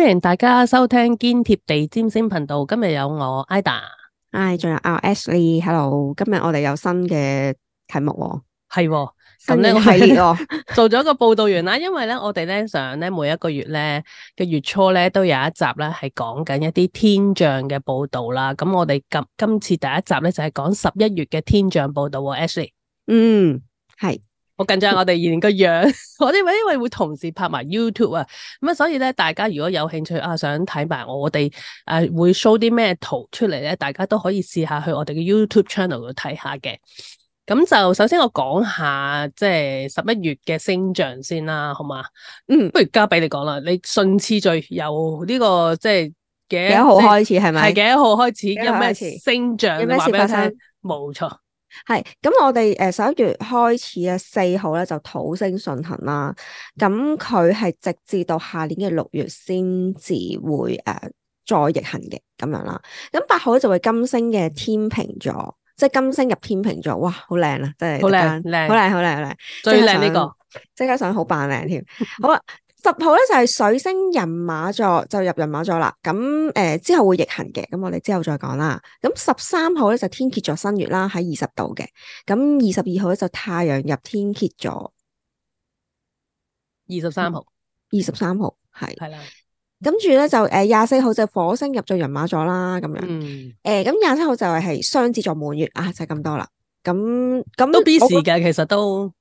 歡迎大家收聽堅貼地占星頻道。今日有我 ida，唉，仲、哎、有阿 Ashley，hello。今日我哋有新嘅題目、哦，係咁呢我係做咗個報道員啦。因為咧，我哋咧上咧，每一個月咧嘅月初咧都有一集咧係講緊一啲天象嘅報道啦。咁我哋今今次第一集咧就係、是、講十一月嘅天象報道、哦。Ashley，嗯，係。好緊張，我哋二年個樣，我哋因為會同時拍埋 YouTube 啊，咁啊，所以咧，大家如果有興趣啊，想睇埋我哋誒、啊、會 show 啲咩圖出嚟咧，大家都可以試下去我哋嘅 YouTube channel 度睇下嘅。咁就首先我講下，即係十一月嘅星象先啦，好嘛？嗯，不如交俾你講啦。你順次序由呢個即係幾號開始係咪？係幾號開始？一咩、嗯、開始。星象話俾我聽？冇錯。係咁，我哋誒十一月開始咧四號咧就土星順行啦，咁佢係直至到下年嘅六月先至會誒再逆行嘅咁樣啦。咁八號咧就會金星嘅天秤座，即係金星入天秤座，哇，好靚啊，真係好靚，靚，好靚刻，好靚亮，好靚，最靚呢個，即加上好扮靚添，好啊。十號咧就係、是、水星人馬座就入人馬座啦，咁、嗯、誒之後會逆行嘅，咁我哋之後再講啦。咁十三號咧就是、天蠍座新月啦，喺二十度嘅，咁二十二號咧就太陽入天蠍座，二十三號，二十三號係係啦，跟住咧就誒廿四號就火星入咗人馬座啦，咁樣，誒咁廿七號就係係雙子座滿月，啊就係、是、咁多啦，咁咁都 B 時嘅我其實都，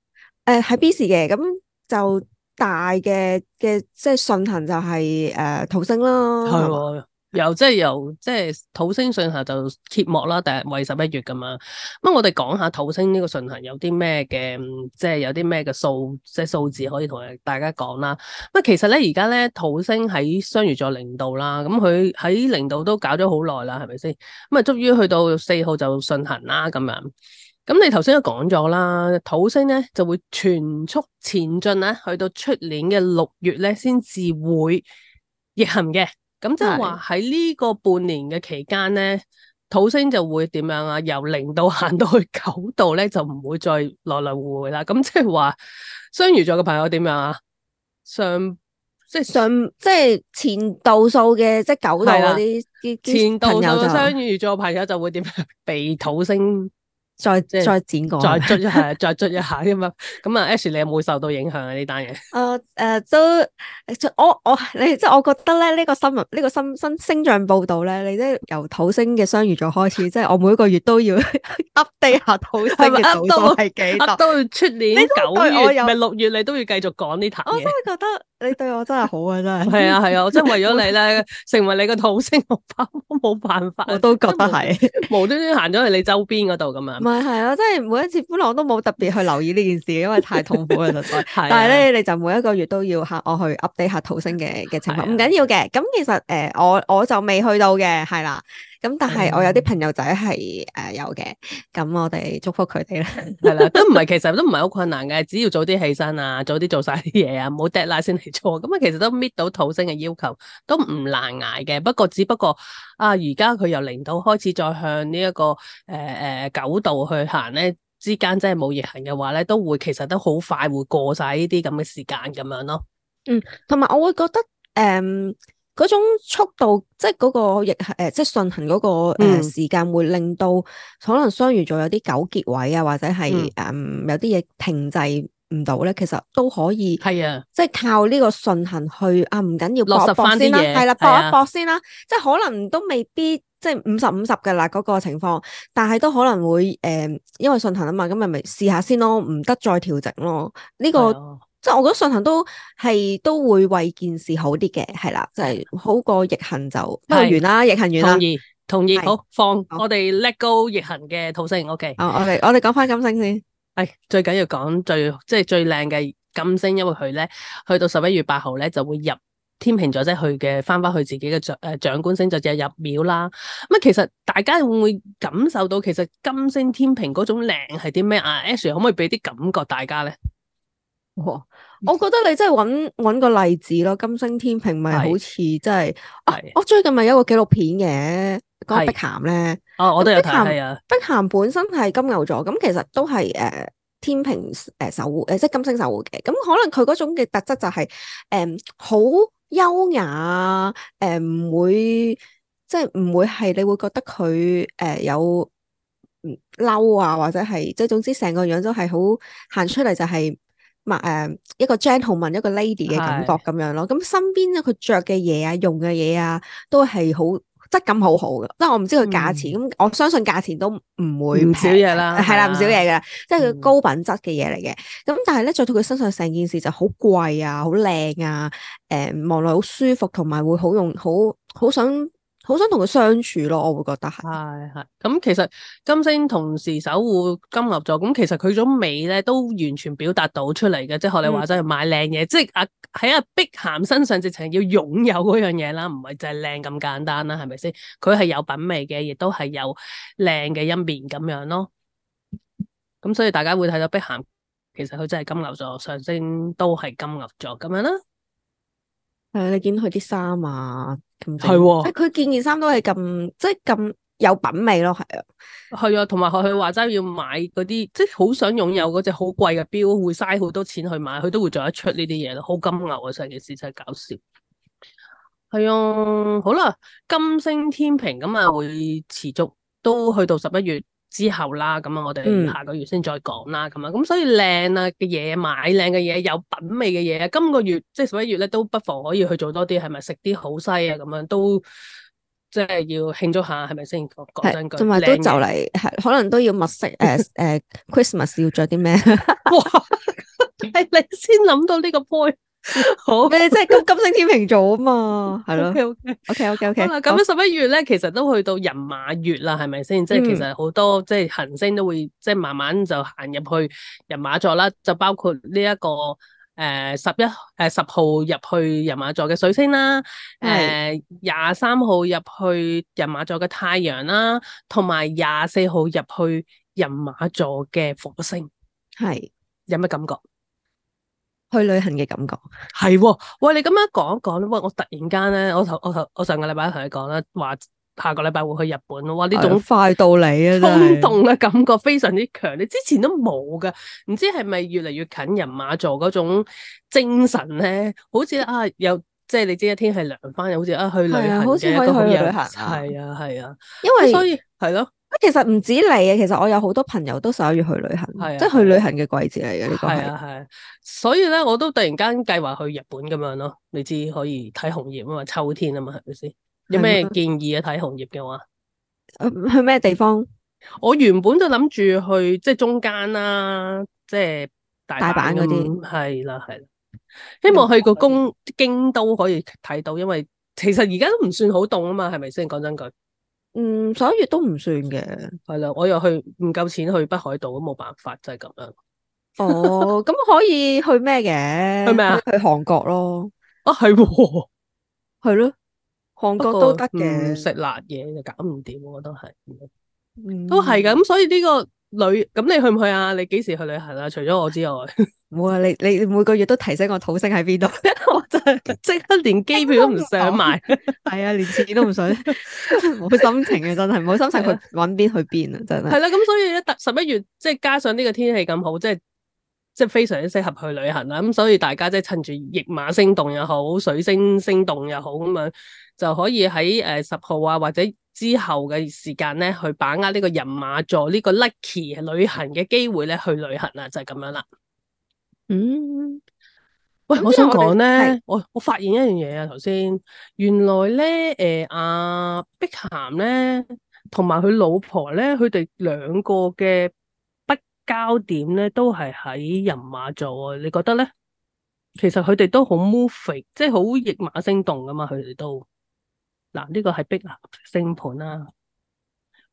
誒係 B 嘅，咁就。大嘅嘅即係順行就係、是、誒、呃、土星啦，係， 吧又即係又即係土星順行就揭幕啦，第一為十一月噶嘛。咁、嗯、我哋講下土星呢個順行有啲咩嘅，即係有啲咩嘅數，即係數字可以同大家講啦。咁其實咧而家咧土星喺雙魚座零度啦，咁佢喺零度都搞咗好耐啦，係咪先？咁、嗯、啊，終於去到四號就順行啦，咁樣。咁你頭先都講咗啦，土星咧就會全速前進咧，去到出年嘅六月咧先至會逆行嘅。咁即係話喺呢個半年嘅期間咧，的土星就會點樣啊？由零度行到去九度咧，就唔會再來來回回啦。咁即係話雙魚座嘅朋友點樣啊？上即係上即係前度數嘅，即係九度嗰啲。的些前度數嘅雙魚座朋友就會點樣 被土星？再再剪過，再捽一下，再捽一下咁樣。咁啊，Ash，你有冇受到影響啊？呢單嘢？誒誒，都我我你即係我覺得咧，呢個新聞呢個新新星象報道咧，你都由土星嘅雙魚座開始，即係我每一個月都要 update 下土星嘅報道係幾多，都出年九月，唔係六月，你都要繼續講呢壇嘢。我真係覺得。你對我真係好啊，真係。係啊係啊，我真係為咗你咧，成為你個土星，我冇冇辦法。我都覺得係，無端端行咗去你周邊嗰度咁樣。唔係，係啊，真係每一次歡樂我都冇特別去留意呢件事，因為太痛苦啦，實在。係。但係咧，你就每一個月都要嚇我去 update 下土星嘅嘅情況，唔緊要嘅。咁其實誒，我我就未去到嘅，係啦。咁但係我有啲朋友仔係誒有嘅，咁、嗯、我哋祝福佢哋啦。係啦，都唔係，其實都唔係好困難嘅，只要早啲起身啊，早啲做晒啲嘢啊，冇掉賴先嚟做，咁啊其實都搣到土星嘅要求都唔難捱嘅。不過只不過啊，而家佢由零度開始再向呢、這、一個誒誒、呃、九度去行咧，之間真係冇逆行嘅話咧，都會其實都好快會過晒呢啲咁嘅時間咁樣咯。嗯，同埋我會覺得誒。呃嗰種速度，即係、那、嗰個亦係誒，即係順行嗰、那個誒、呃、時間，會令到可能雙魚座有啲糾結位啊，或者係誒、呃、有啲嘢停滯唔到咧。其實都可以，係啊，即係靠呢個順行去啊，唔緊要搏一搏先啦、啊，係、啊、啦，搏一搏先啦、啊。啊、即係可能都未必即係五十五十嘅啦嗰個情況，但係都可能會誒、呃，因為順行啊嘛，咁咪咪試下先咯，唔得再調整咯。呢、這個。即我覺得順行都係都會為件事好啲嘅，係啦，就係、是、好過逆行就的都完啦，逆行完啦。同意，的好，放我哋 l e t go，逆行嘅土星 OK。哦，okay, 我哋我哋講翻金星先。係、哎、最緊要講最即係最靚嘅金星，因為佢咧去到十一月八號咧就會入天秤座，即係佢嘅翻翻去自己嘅長誒、呃、掌管星座嘅入廟啦。咁啊，其實大家會唔會感受到其實金星天秤嗰種靚係啲咩啊？Ashley 可唔可以俾啲感覺大家咧？我覺得你真係揾揾個例子咯，金星天平咪好似真係，我最近咪有一個紀錄片嘅，講、嗰個、碧咸咧，哦、啊，我都有睇，碧咸涵、啊、本身係金牛座，咁其實都係誒天平誒守護，誒即係金星守護嘅，咁可能佢嗰種嘅特質就係誒好優雅，誒、嗯、唔會即係唔會係你會覺得佢誒有嬲啊，或者係即係總之成個樣都係好行出嚟就係、是。咪誒一個 gentleman 一個 lady 嘅感覺咁樣咯，咁是的 身邊咧佢着嘅嘢啊、用嘅嘢啊，都係好質感好好嘅，即係我唔知佢價錢，咁、嗯、我相信價錢都唔會唔少嘢啦，係啦，唔少嘢嘅，即係佢高品質嘅嘢嚟嘅。咁、嗯、但係咧，着到佢身上成件事就好貴啊，好靚啊，誒望落好舒服，同埋會好用，好好想。好想同佢相處咯，我會覺得係係咁。其實金星同時守護金牛座，咁其實佢種美咧都完全表達到出嚟嘅，即係學你話齋買靚嘢，嗯、即係阿喺阿碧咸身上直情要擁有嗰樣嘢啦，唔係淨係靚咁簡單啦，係咪先？佢係有品味嘅，亦都係有靚嘅一面咁樣咯。咁所以大家會睇到碧咸，其實佢真係金牛座上升，都係金牛座咁樣啦。係你見到佢啲衫啊～係、啊、即係佢件件衫都係咁，即係咁有品味咯。係啊，係啊，同埋佢佢話齋要買嗰啲，即係好想擁有嗰隻好貴嘅錶，會嘥好多錢去買，佢都會做得出呢啲嘢咯，好金牛啊，成件事真係搞笑。係啊，好啦，金星天秤咁啊，會持續都去到十一月。之後啦，咁啊，我哋下個月先再講啦，咁啊、嗯，咁所以靚啊嘅嘢，買靚嘅嘢，有品味嘅嘢，今個月即係十一月咧，都不妨可以去做多啲，係咪食啲好西啊？咁樣都即係要慶祝下，係咪先？講講真句，同埋是都就嚟，可能都要物色誒誒、 uh,，Christmas 要着啲咩？ 哇！係 你先諗到呢個 point。 好，你哋即係金星天秤座啊嘛，係咯，OK OK OK OK 啦吧。咁啊十一月咧，好其實都去到人馬月啦，係咪先？即係、嗯、其實好多即係行星都會即係慢慢就行入去人馬座啦。就包括呢、這、一個誒十一誒十號入去人馬座嘅水星啦，誒廿三號入去人馬座嘅太陽啦，同埋廿四號入去人馬座嘅火星，係是有咩感覺？去旅行嘅感覺係、哦，喂你咁樣講一講，喂我突然間咧，我頭我頭我上個禮拜同你講啦，話下個禮拜會去日本，哇呢種快到嚟啊，衝動嘅感覺非常之強，你之前都冇噶，唔知係咪越嚟越近人馬座嗰種精神咧，好似啊又即係你知，係天氣涼翻，又好似啊去旅行、啊、好似去旅行，係啊係啊，啊啊因為、啊、所以係咯。其實唔止你啊，其實我有好多朋友都十一月去旅行，啊、即係去旅行嘅季節嚟嘅呢個係，所以咧我都突然間計劃去日本咁樣咯，你知可以睇紅葉啊嘛，秋天啊嘛係咪先？有咩建議啊？睇、啊、紅葉嘅話，去咩地方？我原本都諗住去即係中間啦，即係、啊、大阪嗰啲，係啦係啦，啊啊啊、希望去個宮京都可以睇到，因為其實而家都唔算好凍啊嘛，係咪先？講真句。嗯，十一月都唔算嘅，係啦、嗯，我又去唔夠錢去北海道，咁冇辦法就係、係、咁樣。哦，咁 可以去咩嘅？ 去咩啊？去韓國咯。啊，係，係咯，韓國過、嗯、都得嘅。食、嗯、辣嘢就搞唔掂，我覺得係，嗯、都係咁。咁所以呢、呢個。旅咁、嗯、你去唔去啊？你幾時去旅行啊？除咗我之外，冇啊！你你每個月都提醒我土星喺邊度， 我真係即刻連機票都唔想買，係啊，連錢 都唔想，冇心情啊，真係冇心情去搵邊對、啊、去邊啊，真係。係啦，咁所以咧，十一月即係、就是、加上呢個天氣咁好，即係即係非常之適合去旅行啦。咁所以大家即係趁住驛馬星動又好，水星星動又好咁樣，就可以喺誒十號啊或者。之後嘅時間咧，去把握呢個人馬座呢個 lucky 旅行嘅機會咧，去旅行啊，就係咁樣啦。嗯，喂，我想講咧，我我發現一樣嘢啊，頭先原來咧，誒阿碧咸咧，同埋佢老婆咧，佢哋兩個嘅北交點咧，都係喺人馬座啊。你覺得咧？其實佢哋都好 moving，即係好驛馬星動㗎嘛，佢哋都。嗱，呢個係碧咸星盤啦，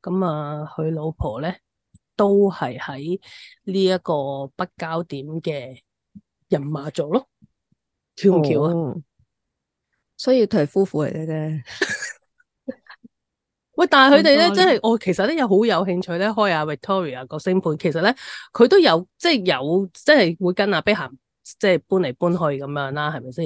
咁啊，佢、啊、老婆咧都係喺呢一個北交點嘅人馬座咯，橋唔橋啊、哦？所以佢係夫婦嚟嘅。啫。 喂 Thank you.，但係佢哋咧，真係我其實咧，又好有興趣咧，開下 Victoria 個星盤，其實咧佢都有即係有即係會跟阿碧咸。即係搬嚟搬去咁樣啦，係咪先？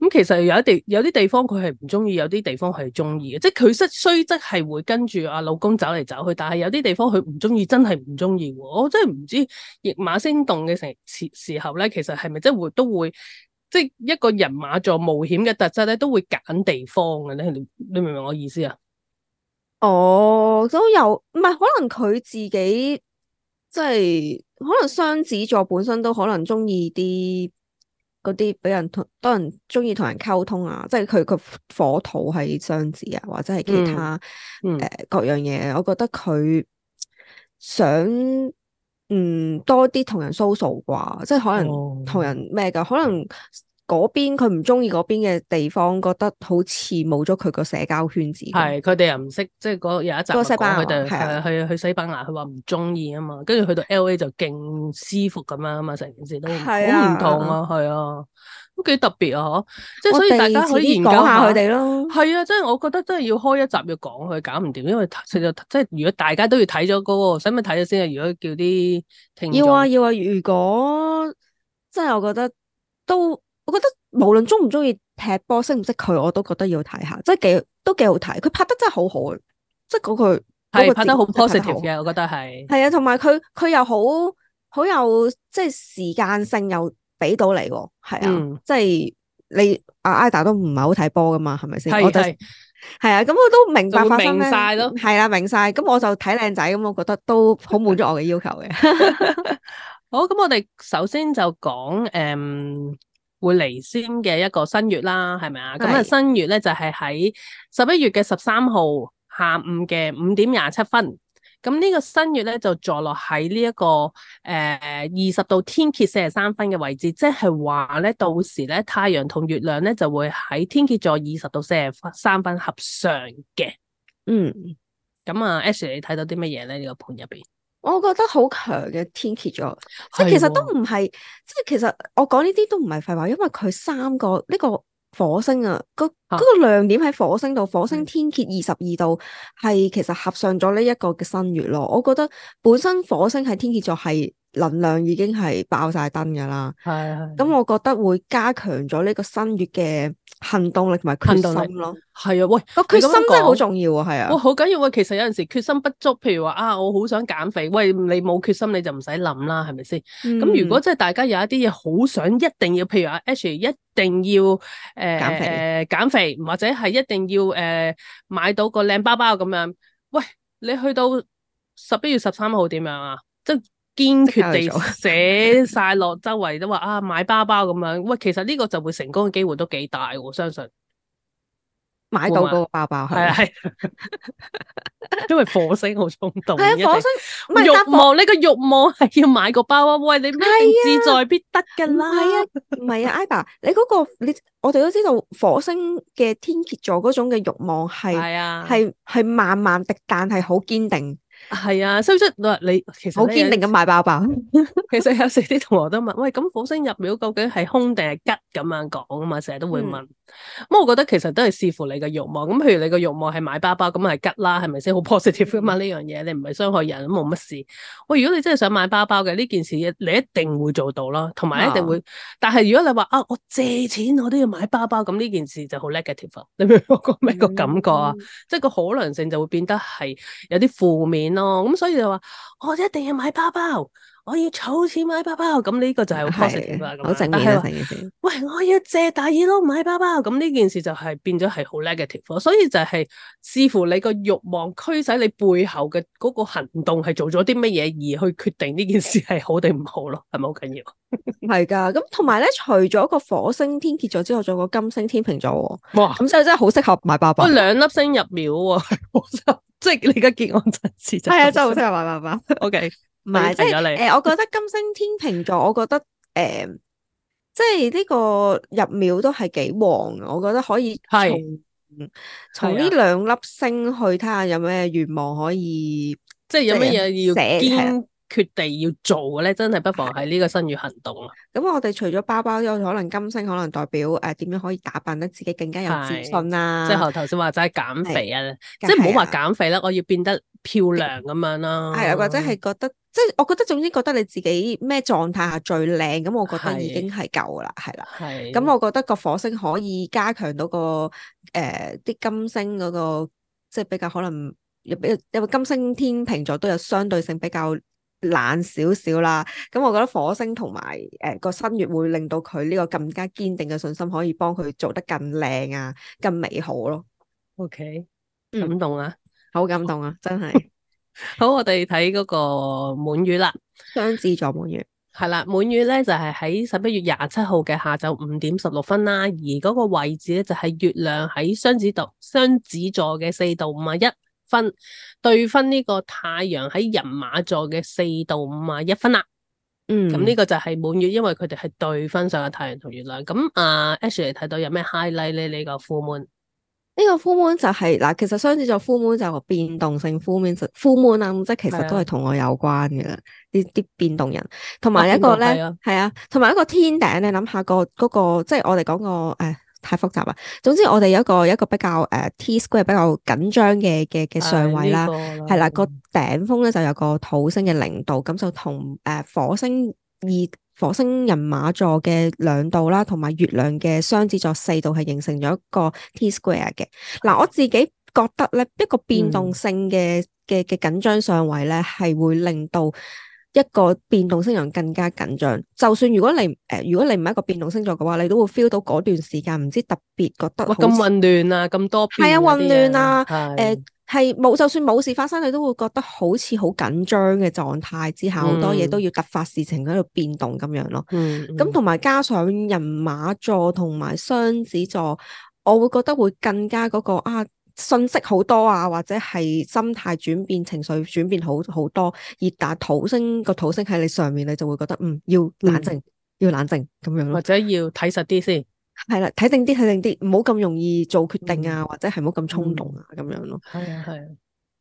咁其實有地有啲地方佢係唔中意，有啲地方係中意嘅。即係佢識雖則係會跟住阿老公走嚟走去，但係有啲地方佢唔中意，真係唔中意。我真係唔知烈馬星動嘅成時時候咧，其實係咪真會都會即係一個人馬座冒險嘅特質咧，都會揀地方嘅咧？你你明唔明我意思啊？哦，都有，唔係可能佢自己。即係可能雙子座本身都可能中意啲嗰啲俾人同多人中意同人溝通啊，即係佢個火土係雙子啊，或者係其他誒、嗯嗯呃、各樣嘢，我覺得佢想嗯多啲同人 social 啩，即係可能同人咩噶，哦、可能。嗰邊佢唔中意嗰邊嘅地方，覺得好似冇咗佢個社交圈子。係，佢哋又唔識，即係有一集。個西班牙係、啊、去、啊、去西班牙，佢話唔中意啊嘛。跟住去到 L A、啊、就勁舒服咁樣啊嘛，成件事都好唔同啊，係啊，都幾特別啊，嗬！即係所以大家可以研究下佢哋咯。係啊，即係我覺得真係要開一集要講佢搞唔掂，因為其實即係如果大家都要睇咗嗰個，使唔使睇咗先啊？如果叫啲聽眾要啊要啊，如果真係我覺得都。我覺得無論鍾唔鍾意踢波，識唔識佢，我都覺得要睇下，即係幾都幾好睇。佢拍得真係好好即係嗰、嗰個係是拍得，拍得好 positive 嘅，我覺得係係啊，同埋佢佢又好好有即係時間性又俾到你，係啊，嗯、即係你阿 Ada 都唔係好睇波噶嘛，係咪先係係啊？咁的我都明，明白晒咯，係啦，明晒。咁我就睇靚仔，咁我覺得都好滿足我嘅要求嘅。 好，咁我哋首先就講誒。嗯會嚟先嘅一個新月啦，係咪啊？咁啊是，新月咧就係喺十一月嘅十三號下午嘅五點廿七分。咁呢個新月咧就坐落喺呢一個誒二十度天蠍四十三分嘅位置，即係話咧，到時咧，太陽同月亮咧就會喺天蠍座二十度四十三分合上嘅。嗯，咁啊 Ash，你睇到啲乜嘢咧？呢個盤入邊？我覺得好強嘅天蠍座，即係其實都唔係，的即係其實我講呢啲都唔係廢話，因為佢三個呢、這個火星啊，個嗰、啊、亮點喺火星度，火星天蠍二十二度係其實合上咗呢一個嘅新月咯。我覺得本身火星喺天蠍座係能量已經係爆晒燈噶啦，係係的，咁我覺得會加強咗呢個新月嘅。行動力同埋決心咯，係啊，喂，個決心真係好重要啊，係啊，喂，好緊要啊，其實有陣時決心不足，譬如話啊，我好想減肥，喂，你冇決心你就唔使諗啦，係咪先？咁、嗯、如果即係大家有一啲嘢好想，H，一定要，譬如阿 H 一定要誒減肥，誒減肥，或者係一定要誒買到個靚包包咁樣，喂，你去到十一月十三號點樣啊？即堅決地寫晒落周圍都話啊，買包包咁樣，喂，其實呢個就會成功嘅機會都幾大，我相信買到嗰個包包係係，因為火星好衝動，係啊，火星唔係欲望，呢個欲望係要買個包啊，喂，你咩啊？自在必得噶啦，唔係啊，唔係啊，Iva 你嗰個你，我哋都知道火星嘅天蠍座嗰種嘅欲望係系係慢慢的，但係好堅定。係啊，所以即係你其實好堅定咁買包包。其實有時啲同學都問，喂，咁火星入廟究竟係空定係吉咁樣講啊嘛？成日都會問。咁、嗯、我覺得其實都係視乎你嘅欲望。咁譬如你嘅欲望係買包包，咁係吉啦，係咪先？好 positive 啊嘛，呢樣嘢你唔係傷害人，冇乜事。我如果你真係想買包包嘅呢件事，你一定會做到囉，同埋一定會。啊、但係如果你話啊，我借錢我都要買包包，咁呢件事就好 negative。你明唔明個咩個感覺啊？嗯、即係個可能性就會變得係有啲負面。咯，咁、 嗯、所以就話我一定要買包包，我要儲錢買包包，咁呢個就係 positive 啊。好對嘛正面係。喂，我要借大耳窿買包包，咁呢件事就係變咗係好 negative。所以就係視乎你個慾望驅使你背後嘅嗰個行動係做咗啲乜嘢，而去決定呢件事係好定唔好咯，係咪好緊要？係噶， 咁同埋咧，除咗個火星天蠍座之外，仲有個金星天秤座，哇，咁所以真係好適合買包包，包。兩粒星入廟喎。 即係你嘅結案層次，係啊，周好聽，萬萬萬，OK。唔係即係誒，我覺得金星天秤座， 我覺得誒、呃，即係呢個入廟都係幾旺，我覺得可以從從呢兩粒星去睇下有咩願望可以，的即係有乜嘢要寫。 決定要做嘅咧，真係不妨喺呢個新月行動啦。咁、嗯、我哋除咗包包，有可能金星可能代表誒，點、呃、樣可以打扮得自己更加有自信啊？即係頭先話齋減肥啊，即係唔好話減肥啦，我要變得漂亮咁樣啦。係、嗯哎、或者係覺得，即係我覺得，總之覺得你自己咩狀態下最靚咁，我覺得已經係夠是啦，係啦是。係咁，我覺得個火星可以加強到個誒，啲、呃、金星嗰、那個即係比較可能有有金星天秤座都有相對性比較冷少少啦，咁我覺得火星同埋誒個新月會令到佢呢個更加堅定嘅信心，可以幫佢做得更靚啊，更美好咯。OK，感動啊、嗯，好感動啊， 真係的。 好，我哋睇嗰個滿月啦，雙子座滿月係啦，滿月咧就係喺十一月廿七號嘅下晝五點十六分啦，而嗰個位置咧就係、是、月亮喺雙子度，雙子座嘅四度五啊一。分對分呢個太陽喺人馬座嘅四到五十一分啦，嗯，咁呢個就係滿月，因為佢哋係對分上嘅太陽同月亮。咁啊，Ashley 睇到有咩 highlight 咧？呢、這個 full moon 呢個 full moon 就係、是、嗱，其實雙子座 full moon 就係變動性 full moon，full moon 啊，即係其實都係同我有關嘅啦，呢啲、啊、變動人，同埋一個咧係啊，同埋、啊啊、一個天頂咧，諗下個嗰個，即、那、係、個就是、我哋講、那個誒。哎太複雜啦。總之我哋有一個一個比較誒、uh, T square 比較緊張嘅嘅嘅上位啦，係啦、哎這個頂峰咧就有個土星嘅零度，咁就同誒火星二火星人馬座嘅兩度啦，同埋月亮嘅雙子座四度係形成咗一個 T square 嘅。嗱、嗯啊、我自己覺得咧一個變動性嘅嘅嘅緊張上位咧係會令到一個變動星象更加緊張，就算如果你誒、呃，如果你唔係一個變動星座嘅話，你都會 feel 到嗰段時間唔知特別覺得哇咁混亂啊，咁多係啊混亂啊，誒係冇就算冇事發生，你都會覺得好似好緊張嘅狀態之下，好、嗯、多嘢都要突發事情喺度變動咁樣咯。咁同埋加上人馬座同埋雙子座，我會覺得會更加嗰、那個啊。信息好多啊，或者係心態轉變，情緒轉變好好多，而但土星、嗰個土星喺你上面，你就會覺得嗯要冷靜，要冷靜咁、嗯、樣咯，或者要睇實啲先，係啦，睇定啲睇定啲，唔好咁容易做決定啊，嗯、或者係唔好咁衝動啊咁、嗯、樣咯。係啊係啊，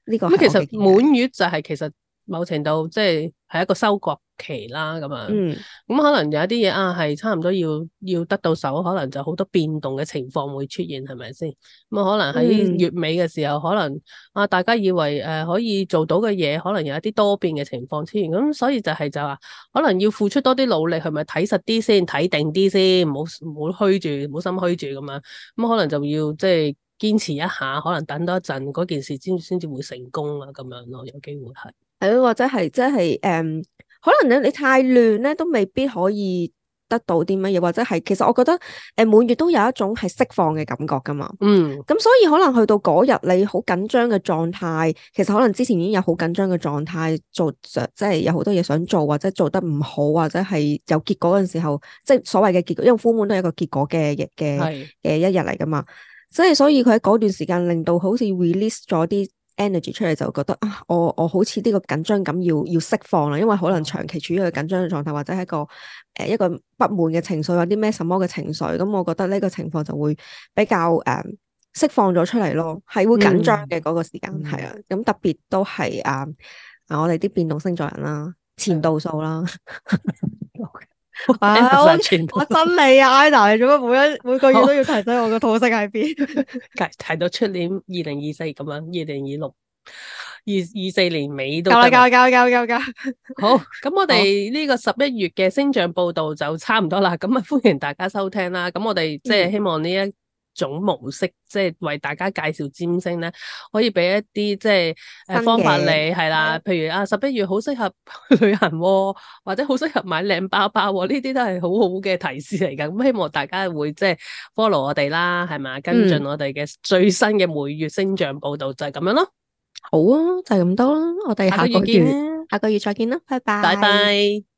呢個咁其實滿月就係其實某程度即係係一個收割期啦咁啊，咁、嗯嗯、可能有一啲嘢啊，係差唔多要要得到手，可能就好多變動嘅情況會出現，係咪先咁啊？嗯嗯、可能喺月尾嘅時候，可能啊，大家以為誒、呃、可以做到嘅嘢，可能有一啲多變嘅情況出現，咁、嗯、所以就係就話可能要付出多啲努力，係咪睇實啲先，睇定啲先，唔好唔好虛住，唔好心虛住咁啊。咁、嗯、可能就要即係堅持一下，可能等多一陣嗰件事先先至會成功啊，咁樣咯，有機會係係或者係即係誒。嗯嗯可能咧，你太亂咧，都未必可以得到啲乜嘢，或者係其實我覺得，誒滿月都有一種係釋放嘅感覺噶嘛。嗯。咁所以可能去到嗰日你好緊張嘅狀態，其實可能之前已經有好緊張嘅狀態，做即係有好多嘢想做，或者做得唔好，或者係有結果嗰陣時候，即係所謂嘅結果，因為 full moon 都係一個結果嘅嘅嘅一日嚟噶嘛。即所以所以佢喺嗰段時間令到好似 release 咗啲。Energy 出嚟就覺得啊，我我好似呢個緊張感要要釋放啦，因為可能長期處於一個緊張嘅狀態，或者係一個誒、呃、一個不滿嘅情緒，或啲咩什麼嘅情緒，咁、嗯、我覺得呢個情況就會比較誒、呃、釋放咗出嚟咯，係會緊張嘅嗰個時間，係、嗯、啊，咁特別都係啊啊我哋啲變動星座人啦，前度數啦。嗯 啊！我我真你啊，Ada，你做乜每一每個月都要提醒我個吐息喺邊？提提到出年二零二四咁樣，二零二六二二四年尾都夠啦，夠啦，夠啦，夠啦，夠啦。好，咁我哋呢個十一月嘅星象報道就差唔多啦。咁啊，歡迎大家收聽啦。咁我哋即係希望呢一。種模式，即係為大家介紹占星，咧，可以俾一啲即係方法你係的啦，譬如啊十一月好適合旅行喎，哦，或者好適合買靚包包，哦，呢啲都係好好嘅提示嚟噶。咁希望大家會即係 follow 我哋啦，係嘛跟進我哋嘅最新嘅每月星象報導，嗯，就係咁樣咯。好啊，就係、是、咁多啦，我哋下個月下個月，見啦下個月再見啦，拜拜，拜拜。